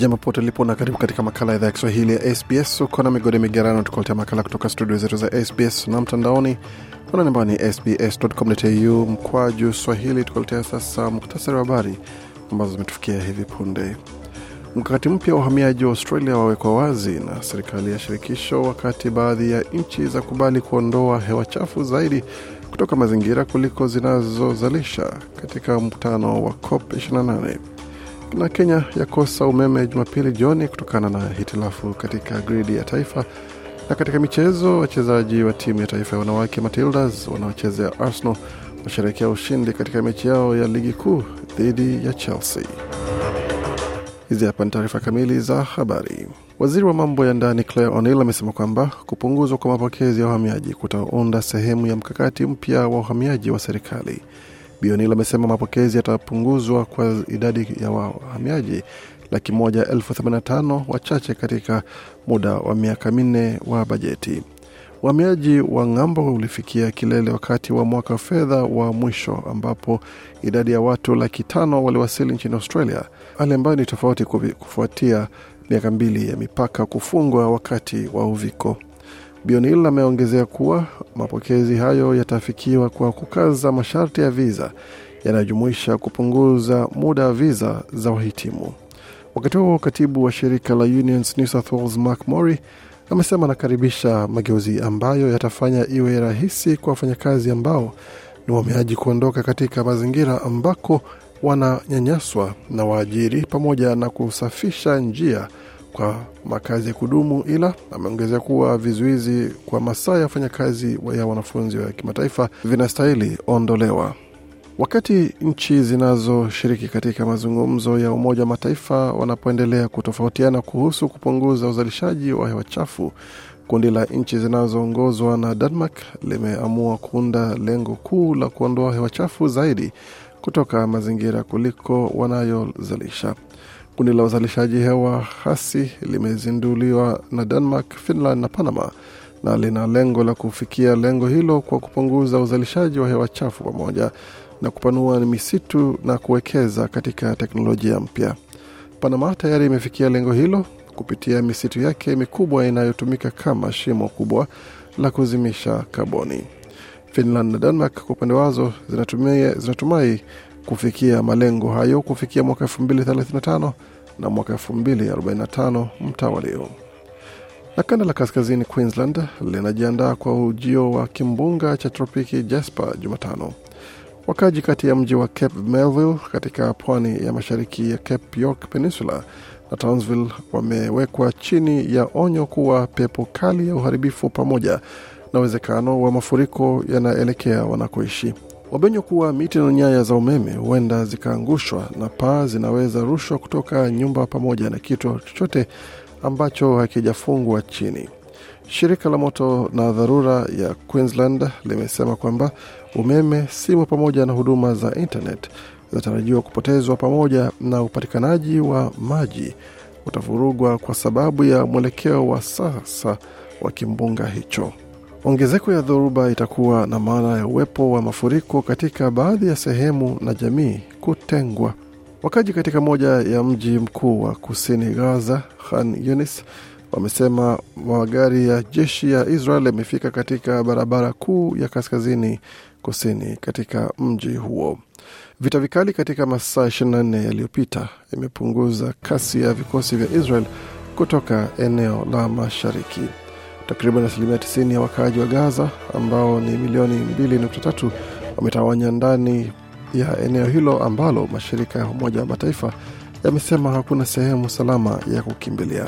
Jambo pote lipo na karibu katika makala idhaa ya Kiswahili ya SBS. Uko na migode migerano, tukuletea makala kutoka studio zetu za SBS na mtandaoni anani ambayo ni sbs.com.au mkwaju swahili. Tukuletea sasa muktasari wa habari ambazo zimetufikia hivi punde. Mkakati mpya wa uhamiaji wa Australia wawekwa wazi na serikali ya shirikisho, wakati baadhi ya nchi za kubali kuondoa hewa chafu zaidi kutoka mazingira kuliko zinazozalisha katika mkutano wa COP 28 na Kenya yakosa umeme Jumapili jioni kutokana na hitilafu katika gridi ya taifa. Na katika michezo, wachezaji wa timu ya taifa ya wanawake Matildas wanaochezea Arsenal washerekea ushindi katika mechi yao ya ligi kuu dhidi ya Chelsea. Hizi hapa ni taarifa kamili za habari. Waziri wa mambo ya ndani Claire O'Neill amesema kwamba kupunguzwa kwa mapokezi ya wahamiaji kutaunda sehemu ya mkakati mpya wa uhamiaji wa serikali. Bionil amesema mapokezi yatapunguzwa kwa idadi ya wahamiaji laki moja elfu themanini na tano wachache katika muda wa miaka minne wa bajeti. Uhamiaji wa ng'ambo ulifikia kilele wakati wa mwaka wa fedha wa mwisho ambapo idadi ya watu laki tano waliwasili nchini Australia, hali ambayo ni tofauti kufuatia miaka mbili ya mipaka kufungwa wakati wa uviko Bionil ameongezea kuwa mapokezi hayo yatafikiwa kwa kukaza masharti ya viza yanayojumuisha kupunguza muda wa viza za wahitimu. Wakati huo katibu wa shirika la Unions New South Wales Mark Mori amesema anakaribisha mageuzi ambayo yatafanya iwe rahisi kwa wafanyakazi ambao ni wameaji kuondoka katika mazingira ambako wananyanyaswa na waajiri pamoja na kusafisha njia kwa makazi ya kudumu, ila ameongezea kuwa vizuizi kwa masaa ya wafanyakazi ya wanafunzi wa kimataifa vinastahili ondolewa. Wakati nchi zinazoshiriki katika mazungumzo ya Umoja wa Mataifa wanapoendelea kutofautiana kuhusu kupunguza uzalishaji wa hewa chafu, kundi la nchi zinazoongozwa na Denmark limeamua kuunda lengo kuu la kuondoa hewa chafu zaidi kutoka mazingira kuliko wanayozalisha. Kundi la uzalishaji hewa hasi limezinduliwa na Denmark, Finland na Panama na lina lengo la kufikia lengo hilo kwa kupunguza uzalishaji wa hewa chafu pamoja na kupanua misitu na kuwekeza katika teknolojia mpya. Panama tayari imefikia lengo hilo kupitia misitu yake mikubwa inayotumika kama shimo kubwa la kuzimisha kaboni. Finland na Denmark kwa upande wazo zinatumai kufikia malengo hayo kufikia mwaka 2035 na mwaka 2045 mtawalio. Na kanda la kaskazini Queensland linajiandaa kwa ujio wa kimbunga cha tropiki Jasper Jumatano. Wakaji kati ya mji wa Cape Melville katika pwani ya mashariki ya Cape York Peninsula na Townsville wamewekwa chini ya onyo kuwa pepo kali ya uharibifu pamoja na uwezekano wa mafuriko yanaelekea wanakoishi wabenywa kuwa miti na nyaya za umeme huenda zikaangushwa na paa zinaweza rushwa kutoka nyumba pamoja na kitu chochote ambacho hakijafungwa chini. Shirika la moto na dharura ya Queensland limesema kwamba umeme, simu pamoja na huduma za internet zinatarajiwa kupotezwa pamoja na upatikanaji wa maji utavurugwa kwa sababu ya mwelekeo wa sasa wa kimbunga hicho. Ongezeko ya dhoruba itakuwa na maana ya uwepo wa mafuriko katika baadhi ya sehemu na jamii kutengwa. Wakaji katika moja ya mji mkuu wa kusini Gaza, Khan Yunis, wamesema magari ya jeshi ya Israel yamefika katika barabara kuu ya kaskazini kusini katika mji huo. Vita vikali katika masaa 24 yaliyopita imepunguza kasi ya vikosi vya Israel kutoka eneo la mashariki. Takriban asilimia 90 ya wakaaji wa Gaza ambao ni milioni 2.3 wametawanya ndani ya eneo hilo ambalo mashirika ya Umoja wa Mataifa yamesema hakuna sehemu salama ya kukimbilia.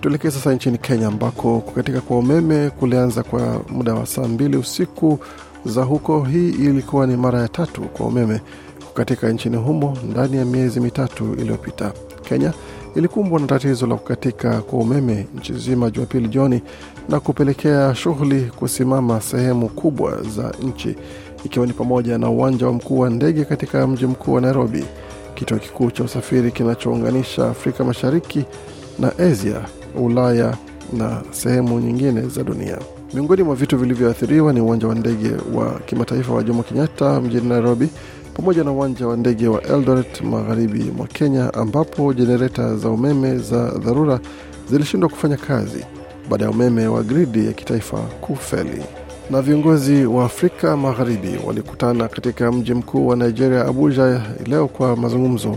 Tuelekee sasa nchini Kenya ambako kukatika kwa umeme kulianza kwa muda wa saa mbili usiku za huko. Hii ilikuwa ni mara ya tatu kwa umeme kukatika nchini humo ndani ya miezi mitatu iliyopita. Kenya ilikumbwa na tatizo la kukatika kwa umeme nchi zima Jumapili jioni na kupelekea shughuli kusimama sehemu kubwa za nchi, ikiwa ni pamoja na uwanja wa mkuu wa ndege katika mji mkuu wa Nairobi, kituo kikuu cha usafiri kinachounganisha Afrika Mashariki na Asia, Ulaya na sehemu nyingine za dunia. Miongoni mwa vitu vilivyoathiriwa ni uwanja wa ndege wa kimataifa wa Jomo Kenyatta mjini Nairobi pamoja na uwanja wa ndege wa Eldoret magharibi mwa Kenya, ambapo jenereta za umeme za dharura zilishindwa kufanya kazi baada ya umeme wa gridi ya kitaifa kufeli. Na viongozi wa Afrika Magharibi walikutana katika mji mkuu wa Nigeria, Abuja, leo kwa mazungumzo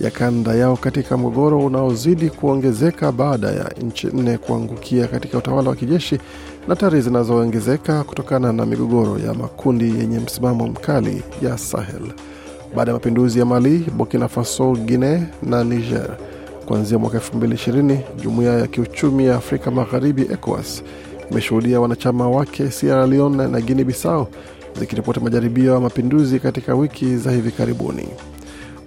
ya kanda yao katika mgogoro unaozidi kuongezeka baada ya nchi nne kuangukia katika utawala wa kijeshi na tari zinazoongezeka kutokana na migogoro ya makundi yenye msimamo mkali ya Sahel. Baada ya mapinduzi ya Mali, Burkina Faso, guine na Niger, kuanzia mwaka 2020 jumuiya ya kiuchumi ya Afrika Magharibi ECOWAS imeshuhudia wanachama wake Sierra Leone na Guinea Bissau zikiripoti majaribio ya mapinduzi katika wiki za hivi karibuni.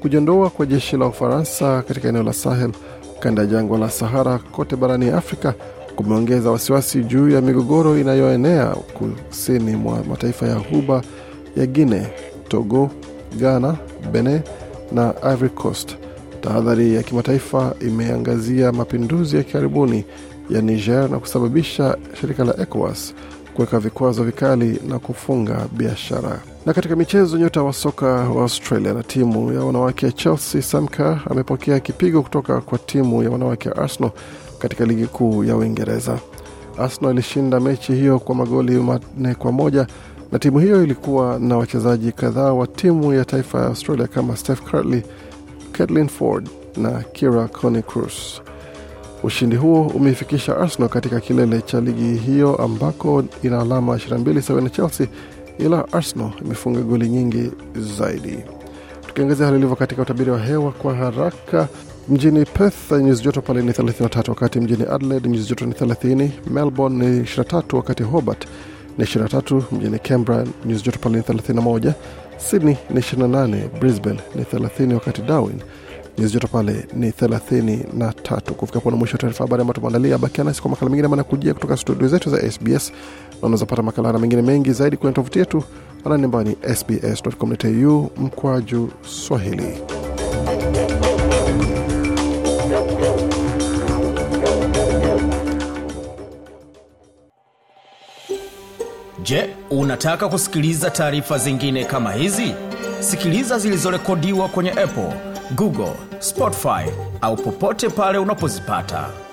Kujiondoa kwa jeshi la Ufaransa katika eneo la Sahel, kanda ya jangwa la Sahara kote barani Afrika kumeongeza wasiwasi juu ya migogoro inayoenea kusini mwa mataifa ya huba ya Guine, Togo, Ghana, Benin na Ivory Coast. Tahadhari ya kimataifa imeangazia mapinduzi ya karibuni ya Niger na kusababisha shirika la ECOWAS kuweka vikwazo vikali na kufunga biashara. Na katika michezo, nyota wa soka wa Australia na timu ya wanawake ya Chelsea Samka amepokea kipigo kutoka kwa timu ya wanawake ya Arsenal katika ligi kuu ya Uingereza. Arsenal ilishinda mechi hiyo kwa magoli manne kwa moja na timu hiyo ilikuwa na wachezaji kadhaa wa timu ya taifa ya Australia kama Steph Curley, Caitlin Ford na Kira Connie Cruz. Ushindi huo umeifikisha Arsenal katika kilele cha ligi hiyo ambako ina alama 22 sawa na Chelsea ila Arsenal imefunga goli nyingi zaidi. Tukiangazia hali ilivyo katika utabiri wa hewa kwa haraka, mjini Perth nyuzi joto pale ni 33, wakati mjini Adelaide nyuzi joto ni 30, Melbourne ni 23, wakati Hobart ni 23, mjini Canberra nyuzi joto pale ni 31, Sydney ni 28, Brisbane ni 30, wakati Darwin nyuzi joto pale ni 33. Kufika pona mwisho wa taarifa habari ambayo tumeandalia, bakia nasi kwa makala mengine maana kujia kutoka studio zetu za SBS na unaweza pata makala na mengine mengi zaidi kwenye tovuti yetu anani ambayo ni sbs.com.au mkwaju swahili Je, unataka kusikiliza taarifa zingine kama hizi? Sikiliza zilizorekodiwa kwenye Apple, Google, Spotify au popote pale unapozipata.